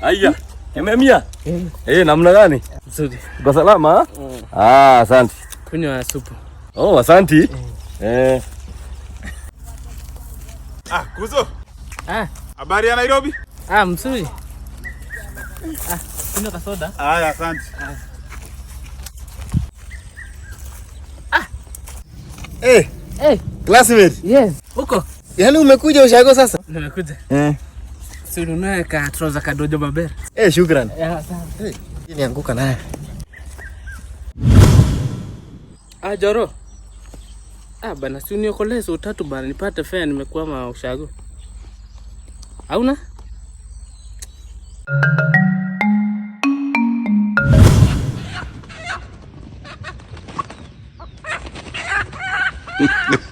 Aya. Hmm. Ememia. Hmm. Eh, namna gani? Nzuri. Kwa salama? Eh? Hmm. Ah, asante. Kunywa supu. Oh, asante. Eh. Ah, Kuzo. Ah. Habari ya Nairobi? Ah, mzuri. Ah, kunywa kasoda. Ah, asante. Ah. Eh. Eh. Classmate. Yes. Uko? Yaani umekuja ushago sasa? Nimekuja. Eh. Sinunue ka trouser kadojo Mabere. Eh, shukran. Ya, asante. Eh, nianguka naye. Ah, Joro. Ah, bana si uniokolee so tatu bana nipate fare nimekwama ushago. Hauna?